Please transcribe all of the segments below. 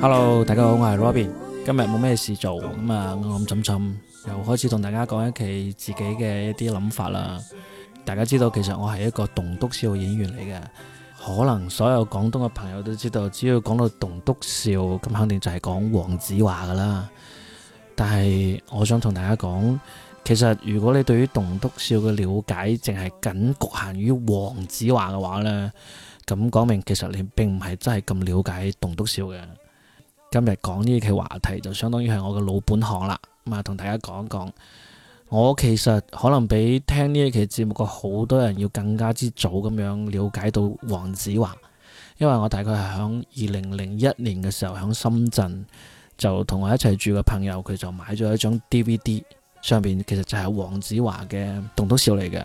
Hello，大家好，我係 Robin，今日冇咩事做，咁啊暗暗沉沉又開始同大家講一期自己嘅一啲諗法啦。大家知道其實我係一個棟篤笑演員嚟嘅，可能所有廣東嘅朋友都知道，只要講到棟篤笑，咁肯定就係講黃子華㗎喇。但係我想同大家講。其實如果你對於棟篤笑嘅了解淨係僅局限於黃子華嘅話呢，咁講明其實你並唔係真係咁了解棟篤笑嘅。今日講呢期話題就相當於係我嘅老本行啦，咁啊同大家講一講。我其實可能比聽呢一期節目嘅好多人要更加之早咁樣了解到黃子華，因為我大概係響二零零一年嘅時候響深圳就同我一齊住嘅朋友，佢就買咗一張 DVD。上面其實就係黃子華嘅棟篤笑嚟嘅，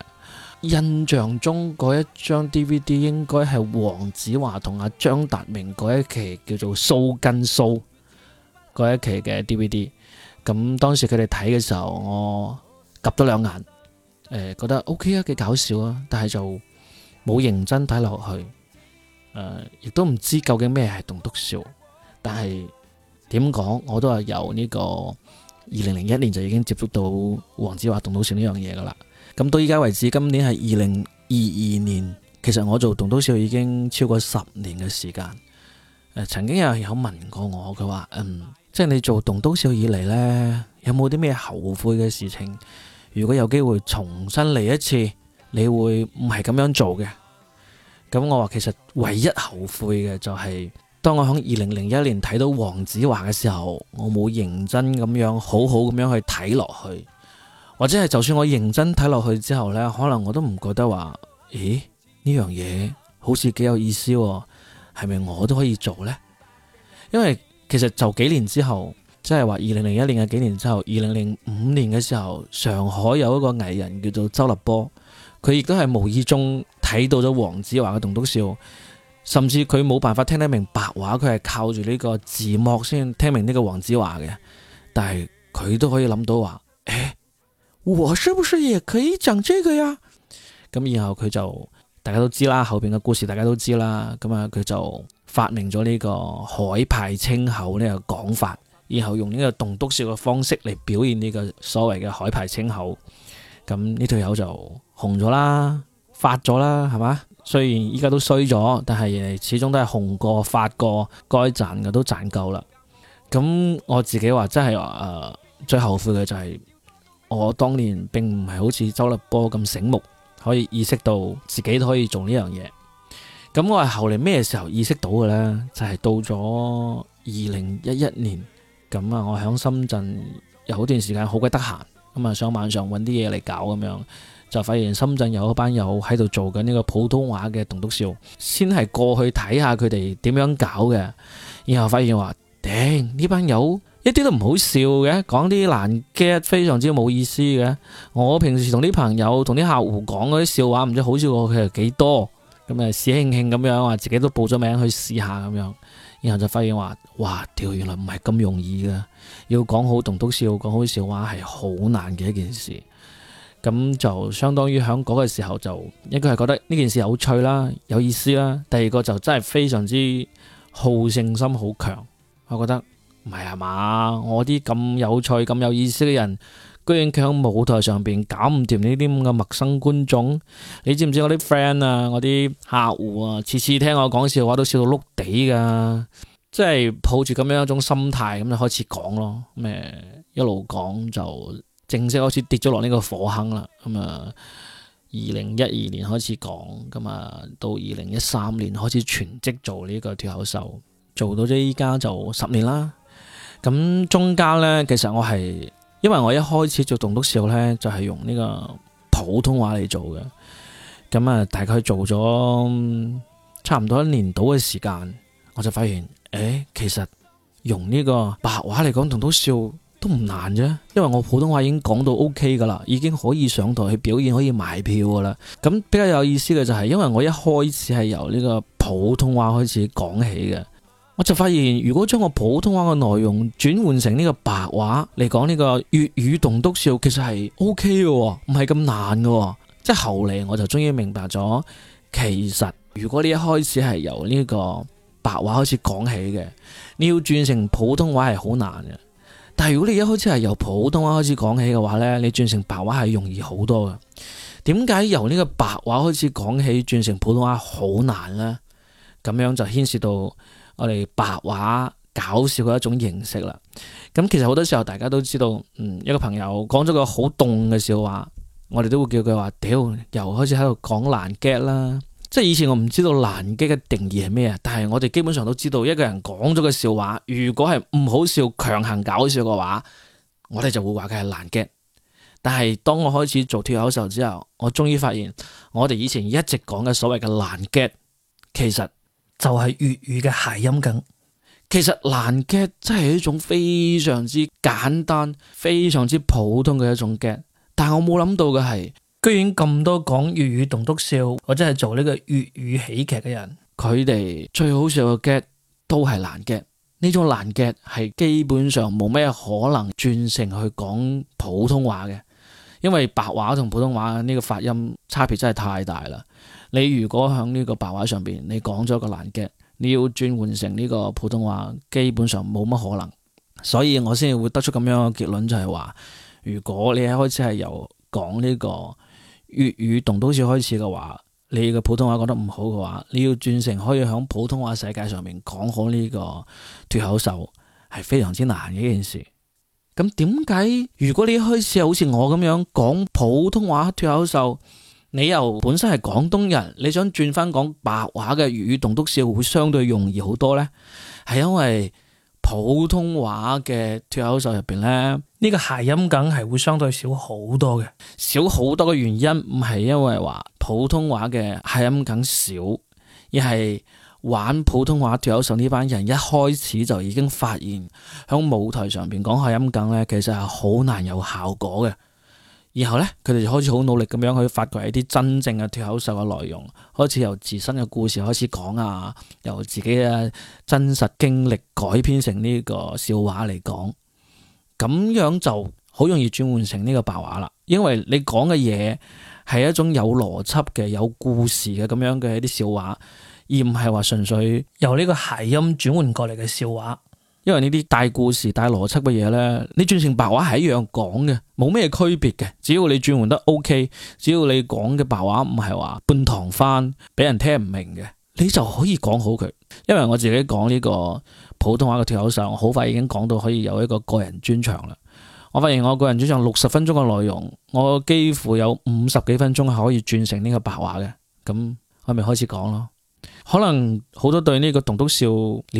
印象中嗰一張 DVD 應該係黃子華同阿張達明嗰一期叫做《須根 Show》嗰一期嘅 DVD。咁當時佢哋睇嘅時候，我夾咗兩眼，誒、呃、覺得 O.K. 啊，幾搞笑啊，但係就冇認真睇落去，誒亦都唔知究竟咩係棟篤笑。但係點講，我都係由呢、這個。二零零一年就已經接觸到黃子華棟篤笑呢樣嘢噶啦，咁到依家為止，今年係二零二二年，其實我做棟篤笑已經超過十年嘅時間。曾經又有問過我，佢話，嗯，即係你做棟篤笑以嚟呢，有冇啲咩後悔嘅事情？如果有機會重新嚟一次，你會唔係咁樣做嘅？咁我話其實唯一後悔嘅就係、是。當我喺二零零一年睇到黃子華嘅時候，我冇認真咁樣好好咁樣去睇落去，或者係就算我認真睇落去之後呢，可能我都唔覺得話，咦呢樣嘢好似幾有意思喎，係咪我都可以做呢？因為其實就幾年之後，即係話二零零一年嘅幾年之後，二零零五年嘅時候，上海有一個藝人叫做周立波，佢亦都係無意中睇到咗黃子華嘅《棟篤笑》。甚至佢冇辦法聽得明白白話，佢係靠住呢個字幕先聽明呢個黃子華嘅。但係佢都可以諗到話，誒，我是不是也可以講這個呀？咁然後佢就，大家都知啦，後邊嘅故事大家都知啦。咁啊，佢就發明咗呢個海派清口呢個講法，然後用呢個棟篤笑嘅方式嚟表現呢個所謂嘅海派清口。咁呢條友就紅咗啦，發咗啦，係嘛？雖然依家都衰咗，但係始終都係紅過發過，該賺嘅都賺夠啦。咁我自己話真係誒、呃，最後悔嘅就係、是、我當年並唔係好似周立波咁醒目，可以意識到自己都可以做呢樣嘢。咁我係後嚟咩時候意識到嘅呢？就係、是、到咗二零一一年，咁啊，我喺深圳有段時間好鬼得閒，咁啊想晚上搵啲嘢嚟搞咁樣。就發現深圳有一班友喺度做緊呢個普通話嘅棟篤笑，先係過去睇下佢哋點樣搞嘅，然後發現話：頂呢班友一啲都唔好笑嘅，講啲難 get，非常之冇意思嘅。我平時同啲朋友、同啲客戶講嗰啲笑話，唔知好笑過佢哋幾多，咁啊試興興咁樣話自己都報咗名去試下咁樣，然後就發現話：哇，屌！原來唔係咁容易嘅，要講好棟篤笑、講好笑話係好難嘅一件事。咁就相當於喺嗰個時候，就應該係覺得呢件事有趣啦、有意思啦；第二個就真係非常之好勝心好強。我覺得唔係啊嘛，我啲咁有趣、咁有意思嘅人，居然佢喺舞台上邊搞唔掂呢啲咁嘅陌生觀眾。你知唔知我啲 friend 啊、我啲客戶啊，次次聽我講笑話都笑到碌地㗎，即係抱住咁樣一種心態咁就開始講咯。咩一路講就～正式開始跌咗落呢個火坑啦，咁啊，二零一二年開始講，咁啊，到二零一三年開始全職做呢個脫口秀，做到咗依家就十年啦。咁中間呢，其實我係因為我一開始做棟篤笑呢，就係用呢個普通話嚟做嘅，咁啊，大概做咗差唔多一年到嘅時間，我就發現，誒，其實用呢個白話嚟講棟篤笑，都唔難啫，因為我普通話已經講到 OK 噶啦，已經可以上台去表演，可以賣票噶啦。咁比較有意思嘅就係，因為我一開始係由呢個普通話開始講起嘅，我就發現如果將我普通話嘅內容轉換成呢個白話嚟講呢個粵語棟篤笑，其實係 OK 嘅，唔係咁難嘅。即係後嚟我就終於明白咗，其實如果你一開始係由呢個白話開始講起嘅，你要轉成普通話係好難嘅。但係如果你一開始係由普通話開始講起嘅話呢，你轉成白話係容易好多嘅。點解由呢個白話開始講起轉成普通話好難呢？咁樣就牽涉到我哋白話搞笑嘅一種形式啦。咁其實好多時候大家都知道，嗯，一個朋友講咗個好凍嘅笑話，我哋都會叫佢話：屌，又開始喺度講爛 gag 啦。即係以前我唔知道難 get 嘅定義係咩啊，但係我哋基本上都知道一個人講咗個笑話，如果係唔好笑強行搞笑嘅話，我哋就會話佢係難 get。但係當我開始做脫口秀之後，我終於發現我哋以前一直講嘅所謂嘅難 get，其實就係粵語嘅諧音梗。其實難 get 真係一種非常之簡單、非常之普通嘅一種 get，但我冇諗到嘅係。居然咁多講粵語棟篤笑，或者係做呢個粵語喜劇嘅人，佢哋最好笑嘅 get 都係難 get。呢種難 get 係基本上冇咩可能轉成去講普通話嘅，因為白話同普通話呢個發音差別真係太大啦。你如果響呢個白話上邊，你講咗個難 get，你要轉換成呢個普通話，基本上冇乜可能。所以我先會得出咁樣嘅結論，就係話，如果你一開始係由講呢個。粵語棟篤笑開始嘅話，你嘅普通話講得唔好嘅話，你要轉成可以響普通話世界上面講好呢個脱口秀，係非常之難嘅一件事。咁點解如果你一開始好似我咁樣講普通話脱口秀，你又本身係廣東人，你想轉翻講白話嘅粵語棟篤笑會相對容易好多呢？係因為普通話嘅脱口秀入邊呢。呢個諧音梗係會相對少好多嘅，少好多嘅原因唔係因為話普通話嘅諧音梗少，而係玩普通話脫口秀呢班人一開始就已經發現喺舞台上邊講諧音梗呢，其實係好難有效果嘅。然後呢，佢哋就開始好努力咁樣去發掘一啲真正嘅脫口秀嘅內容，開始由自身嘅故事開始講啊，由自己嘅真實經歷改編成呢個笑話嚟講。咁樣就好容易轉換成呢個白話啦，因為你講嘅嘢係一種有邏輯嘅、有故事嘅咁樣嘅一啲笑話，而唔係話純粹由呢個諧音轉換過嚟嘅笑話。因為呢啲大故事、大邏輯嘅嘢呢，你轉成白話係一樣講嘅，冇咩區別嘅。只要你轉換得 OK，只要你講嘅白話唔係話半堂翻俾人聽唔明嘅，你就可以講好佢。因為我自己講呢個。普通話嘅脱口秀，我好快已經講到可以有一個個人專場啦。我發現我個人專場六十分鐘嘅內容，我幾乎有五十幾分鐘係可以轉成呢個白話嘅。咁我咪開始講咯。可能好多對呢個棟篤笑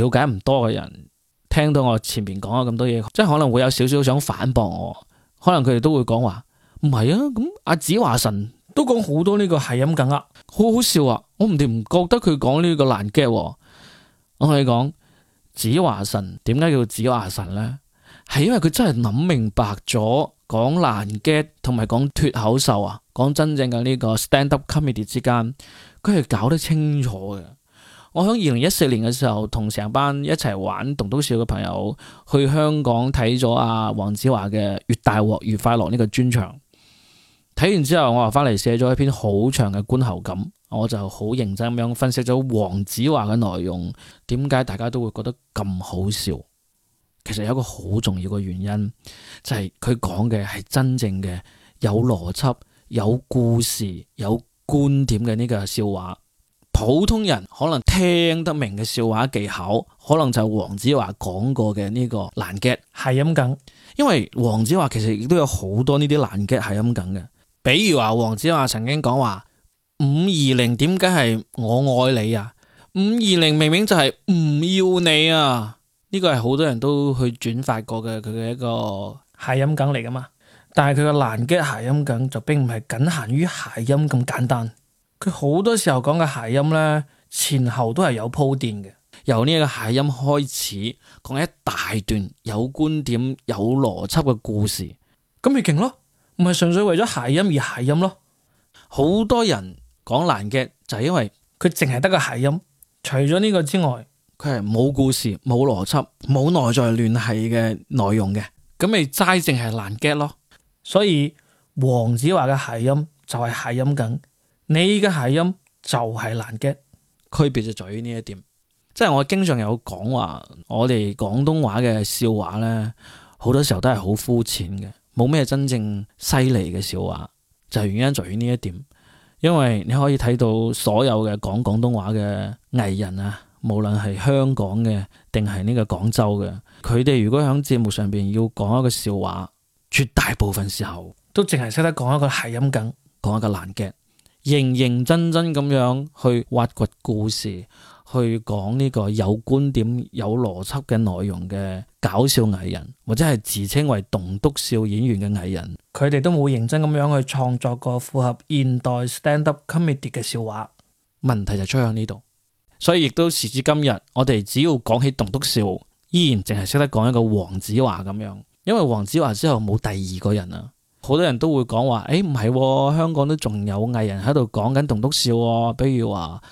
了解唔多嘅人，聽到我前面講咗咁多嘢，即係可能會有少少想反駁我。可能佢哋都會講話唔係啊，咁阿子華神都講好多呢個係咁咁啊，好好笑啊！我唔掂唔覺得佢講呢個難 get 啊、我同你講。子華神點解叫子華神呢？係因為佢真係諗明白咗，講難 get 同埋講脫口秀啊，講真正嘅呢個 stand up comedy 之間，佢係搞得清楚嘅。我響二零一四年嘅時候，同成班一齊玩棟篤笑嘅朋友去香港睇咗阿黃子華嘅《越大鑊越快樂》呢個專場。睇完之後，我話翻嚟寫咗一篇好長嘅觀後感，我就好認真咁樣分析咗黃子華嘅內容，點解大家都會覺得咁好笑？其實有一個好重要嘅原因，就係佢講嘅係真正嘅有邏輯、有故事、有觀點嘅呢個笑話。普通人可能聽得明嘅笑話技巧，可能就黃子華講過嘅呢個難 get 係陰梗，因為黃子華其實亦都有好多呢啲難 get 係陰梗嘅。比如話，黃子華曾經講話，五二零點解係我愛你啊？五二零明明就係唔要你啊！呢個係好多人都去轉發過嘅佢嘅一個諧音梗嚟噶嘛。但係佢嘅爛 gag 諧音梗就並唔係僅限於諧音咁簡單，佢好多時候講嘅諧音呢，前後都係有鋪墊嘅，由呢一個諧音開始講一大段有觀點、有邏輯嘅故事，咁咪勁咯。唔係純粹為咗諧音而諧音咯，好多人講爛嘅就係因為佢淨係得個諧音，除咗呢個之外，佢係冇故事、冇邏輯、冇內在聯繫嘅內容嘅，咁咪齋淨係爛 gag 咯。所以黃子華嘅諧音就係諧音梗，你嘅諧音就係爛 gag，區別就在於呢一點。即係我經常有講話，我哋廣東話嘅笑話咧，好多時候都係好膚淺嘅。冇咩真正犀利嘅笑話，就係原因在於呢一點。因為你可以睇到所有嘅講廣東話嘅藝人啊，無論係香港嘅定係呢個廣州嘅，佢哋如果喺節目上邊要講一個笑話，絕大部分時候都淨係識得講一個諧音梗，講一個爛劇，認認真真咁樣去挖掘故事。去講呢個有觀點、有邏輯嘅內容嘅搞笑藝人，或者係自稱為棟篤笑演員嘅藝人，佢哋都冇認真咁樣去創作過符合現代 stand-up comedy 嘅笑話。問題就出喺呢度，所以亦都時至今日，我哋只要講起棟篤笑，依然淨係識得講一個黃子華咁樣，因為黃子華之後冇第二個人啦。好多人都會講話，誒、欸，唔係喎，香港都仲有藝人喺度講緊棟篤笑喎，比如話。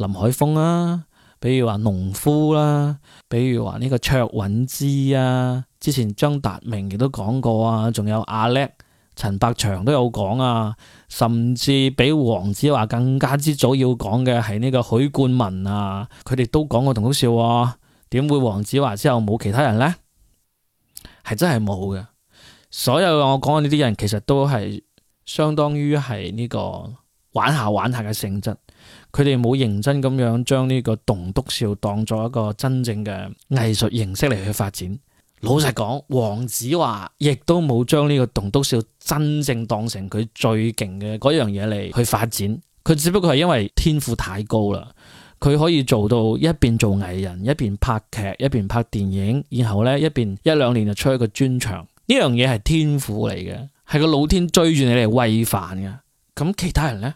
林海峰啊，比如話農夫啦、啊，比如話呢個卓韻芝啊，之前張達明亦都講過啊，仲有阿叻、陳百祥都有講啊，甚至比黃子華更加之早要講嘅係呢個許冠文啊，佢哋都講過同好笑，啊，點會黃子華之後冇其他人呢？係真係冇嘅，所有我講嘅呢啲人其實都係相當於係呢個玩下玩下嘅性質。佢哋冇認真咁樣將呢個棟篤笑當作一個真正嘅藝術形式嚟去發展。老實講，黃子華亦都冇將呢個棟篤笑真正當成佢最勁嘅嗰樣嘢嚟去發展。佢只不過係因為天賦太高啦，佢可以做到一邊做藝人，一邊拍劇，一邊拍電影，然後呢一邊一兩年就出一個專場。呢樣嘢係天賦嚟嘅，係個老天追住你嚟餵飯嘅。咁其他人呢？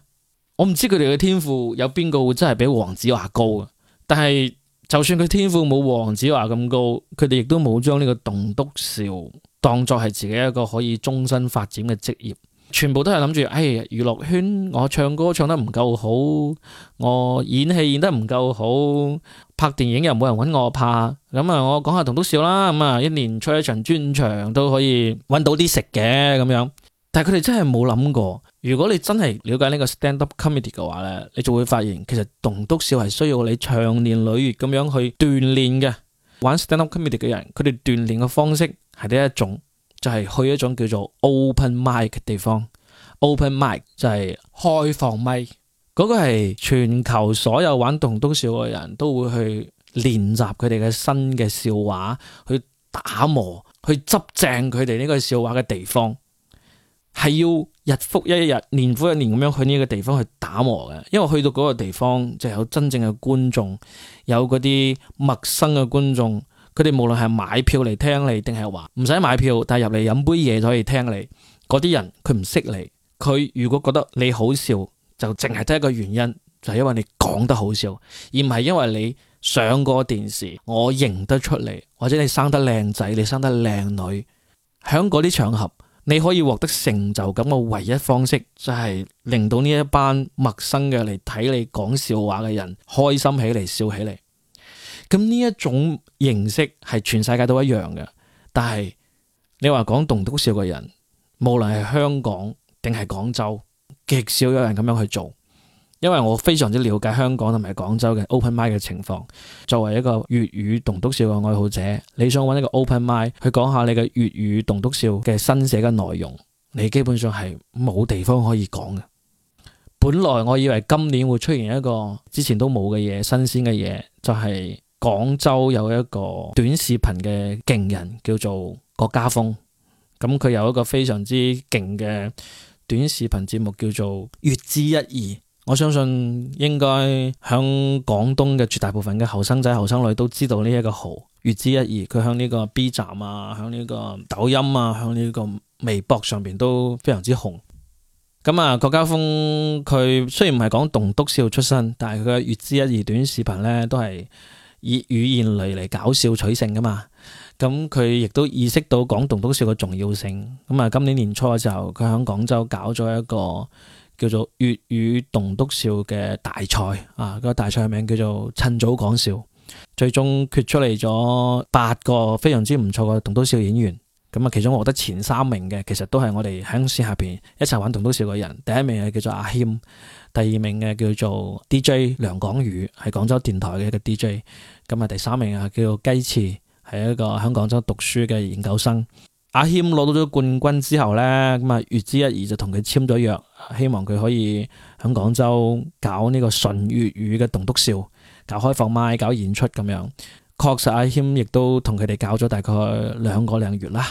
我唔知佢哋嘅天賦有邊個會真係比黃子華高嘅，但係就算佢天賦冇黃子華咁高，佢哋亦都冇將呢個棟篤笑當作係自己一個可以終身發展嘅職業，全部都係諗住，誒、哎，娛樂圈我唱歌唱得唔夠好，我演戲演得唔夠好，拍電影又冇人揾我拍，咁啊，我講下棟篤笑啦，咁啊，一年出一場專場都可以揾到啲食嘅咁樣，但係佢哋真係冇諗過。如果你真係了解呢個 stand up comedy 嘅話呢，你就會發現其實棟篤笑係需要你長年累月咁樣去鍛鍊嘅。玩 stand up comedy 嘅人，佢哋鍛鍊嘅方式係第一種，就係、是、去一種叫做 open mic 嘅地方。open mic 就係開放麥，嗰、那個係全球所有玩棟篤笑嘅人都會去練習佢哋嘅新嘅笑話，去打磨、去執正佢哋呢個笑話嘅地方，係要。日復一日，年復一年咁樣去呢個地方去打磨嘅，因為去到嗰個地方，就有真正嘅觀眾，有嗰啲陌生嘅觀眾，佢哋無論係買票嚟聽你，定係話唔使買票，但係入嚟飲杯嘢就可以聽你，嗰啲人佢唔識你，佢如果覺得你好笑，就淨係得一個原因，就係因為你講得好笑，而唔係因為你上過電視，我認得出你，或者你生得靚仔，你生得靚女，喺嗰啲場合。你可以獲得成就感嘅唯一方式，就係令到呢一班陌生嘅嚟睇你講笑話嘅人開心起嚟，笑起嚟。咁呢一種形式係全世界都一樣嘅，但係你話講棟篤笑嘅人，無論係香港定係廣州，極少有人咁樣去做。因為我非常之了解香港同埋廣州嘅 open mic 嘅情況，作為一個粵語棟篤笑嘅愛好者，你想揾一個 open mic 去講下你嘅粵語棟篤笑嘅新寫嘅內容，你基本上係冇地方可以講嘅。本來我以為今年會出現一個之前都冇嘅嘢，新鮮嘅嘢，就係、是、廣州有一個短視頻嘅勁人叫做郭家峰，咁佢有一個非常之勁嘅短視頻節目叫做《粵知一二》。我相信應該喺廣東嘅絕大部分嘅後生仔後生女都知道呢一個號月之一二，佢喺呢個 B 站啊，喺呢個抖音啊，喺呢個微博上邊都非常之紅。咁、嗯、啊，郭家峰佢雖然唔係講棟篤笑出身，但係佢嘅月之一二短視頻呢都係以語言嚟嚟搞笑取勝噶嘛。咁佢亦都意識到講棟篤笑嘅重要性。咁、嗯、啊，今年年初嘅時候，佢喺廣州搞咗一個。叫做粵語棟篤笑嘅大賽啊！嗰個大賽名叫做趁早講笑，最終決出嚟咗八個非常之唔錯嘅棟篤笑演員。咁、嗯、啊，其中我覺得前三名嘅，其實都係我哋喺公司下邊一齊玩棟篤笑嘅人。第一名係叫做阿謙，第二名嘅叫做 DJ 梁廣宇，係廣州電台嘅一個 DJ。咁啊，第三名啊叫做雞翅，係一個喺廣州讀書嘅研究生。阿謙攞到咗冠軍之後呢，咁啊月之一二就同佢簽咗約，希望佢可以喺廣州搞呢個純粵語嘅棟篤笑，搞開放麥，搞演出咁樣。確實阿謙亦都同佢哋搞咗大概兩個零月啦，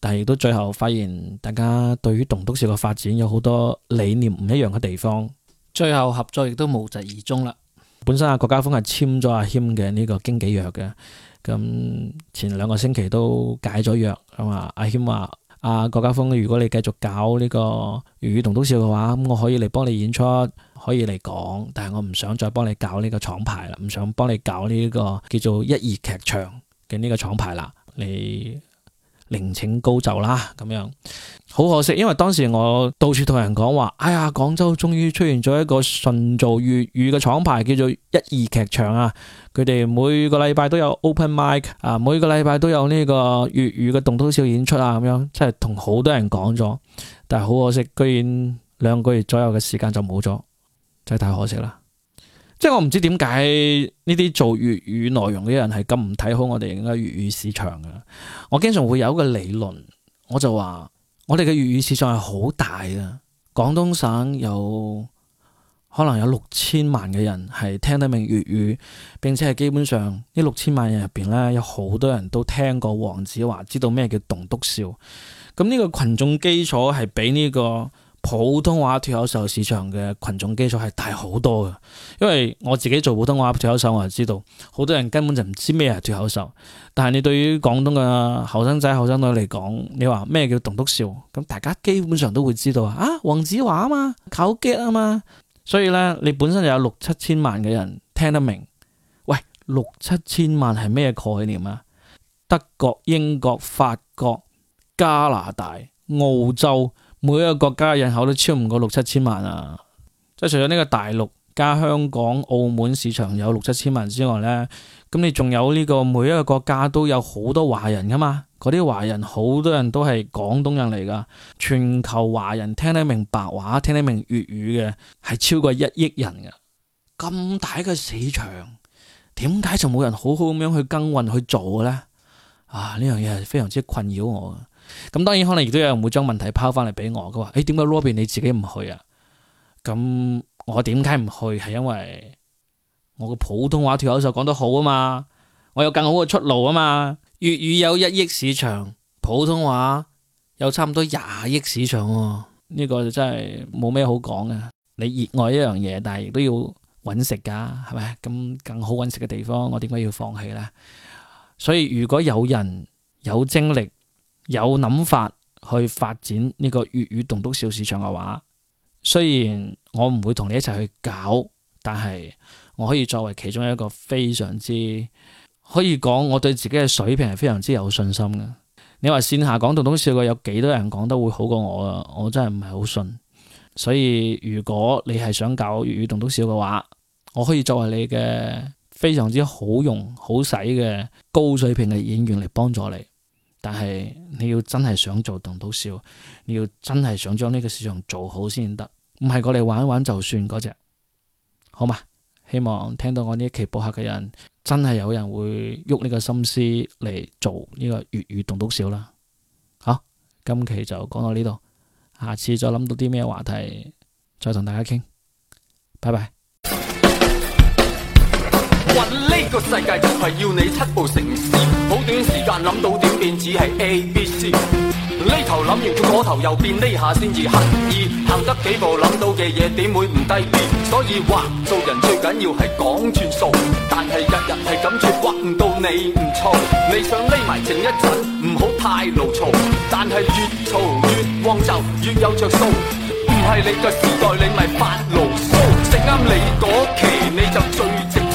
但係亦都最後發現大家對於棟篤笑嘅發展有好多理念唔一樣嘅地方，最後合作亦都無疾而終啦。本身阿郭家鋒係簽咗阿謙嘅呢個經紀約嘅。咁前兩個星期都解咗約咁啊，啊，阿謙話：阿郭家峰，如果你繼續搞呢個粵語棟篤笑嘅話，咁我可以嚟幫你演出，可以嚟講，但係我唔想再幫你搞呢個廠牌啦，唔想幫你搞呢個叫做一二劇場嘅呢個廠牌啦，你另請高就啦。咁樣好可惜，因為當時我到處同人講話，哎呀，廣州終於出現咗一個純做粵語嘅廠牌，叫做一二劇場啊，佢哋每個禮拜都有 open mic 啊，每個禮拜都有呢個粵語嘅棟篤笑演出啊，咁樣即係同好多人講咗，但係好可惜，居然兩個月左右嘅時間就冇咗，真係太可惜啦。即係我唔知點解呢啲做粵語內容嘅人係咁唔睇好我哋而家粵語市場噶。我經常會有一個理論，我就話我哋嘅粵語市場係好大噶。廣東省有可能有六千萬嘅人係聽得明粵語，並且係基本上呢六千萬人入邊呢，有好多人都聽過黃子華，知道咩叫棟篤笑。咁呢個群眾基礎係比呢、這個。普通話脱口秀市場嘅群眾基礎係大好多嘅，因為我自己做普通話脱口秀，我就知道好多人根本就唔知咩係脱口秀。但係你對於廣東嘅後生仔後生女嚟講，你話咩叫棟篤笑，咁大家基本上都會知道啊。黃子華嘛，靠激啊嘛，所以呢，你本身就有六七千萬嘅人聽得明。喂，六七千萬係咩概念啊？德國、英國、法國、加拿大、澳洲。每一個國家人口都超唔過六七千萬啊，即係除咗呢個大陸加香港澳門市場有六七千萬之外呢，咁你仲有呢個每一個國家都有好多華人噶嘛？嗰啲華人好多人都係廣東人嚟噶，全球華人聽得明白話、聽得明粵語嘅係超過一億人噶，咁大一個市場，點解就冇人好好咁樣去耕耘去做嘅咧？啊，呢樣嘢係非常之困擾我。咁當然可能亦都有人會將問題拋翻嚟俾我，佢話：誒、欸，點解 Robin 你自己唔去啊？咁我點解唔去？係因為我個普通話脫口秀講得好啊嘛，我有更好嘅出路啊嘛。粵語有一億市場，普通話有差唔多廿億市場，啊，呢個就真係冇咩好講嘅。你熱愛一樣嘢，但係亦都要揾食噶，係咪？咁更好揾食嘅地方，我點解要放棄咧？所以如果有人有精力，有諗法去發展呢個粵語棟篤笑市場嘅話，雖然我唔會同你一齊去搞，但係我可以作為其中一個非常之可以講，我對自己嘅水平係非常之有信心嘅。你話線下講棟篤笑嘅有幾多人講得會好過我啊？我真係唔係好信。所以如果你係想搞粵語棟篤笑嘅話，我可以作為你嘅非常之好用、好使嘅高水平嘅演員嚟幫助你。但係你要真係想做棟篤笑，你要真係想將呢個市場做好先得，唔係過嚟玩一玩就算嗰隻，好嘛？希望聽到我呢一期播客嘅人，真係有人會喐呢個心思嚟做呢個粵語棟篤笑啦。好，今期就講到呢度，下次再諗到啲咩話題，再同大家傾。拜拜。搵呢個世界就係要你七步成詩，好短時間諗到點變只係 A B C。呢頭諗完咗，嗰頭又變呢下先至刻意行得幾步諗到嘅嘢，點會唔低 B？所以話做人最緊要係講轉數，但係日日係咁住，畫唔到你唔錯。你想匿埋靜一陣唔好太牢嘈，但係越嘈越旺就越有着數，唔係你個時代，你咪發牢騷，食啱你嗰期你就最正。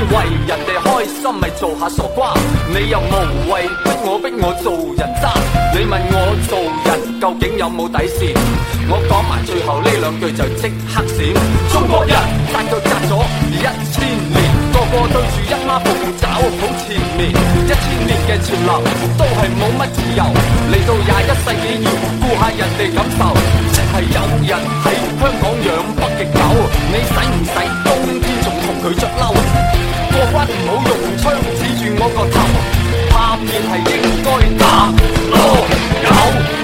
為人哋開心咪做下傻瓜，你又無謂逼我逼我做人渣。你問我做人究竟有冇底線，我講埋最後呢兩句就即刻閃。中國人裹腳仔咗一千年，個個對住一孖鳳爪好纏綿。一千年嘅潮流都係冇乜自由，嚟到廿一世紀要顧下人哋感受。即係有人喺香港養北極狗，你使唔使冬天仲同佢着褸？過關唔好用槍指住我個頭，拍片係應該打囉柚。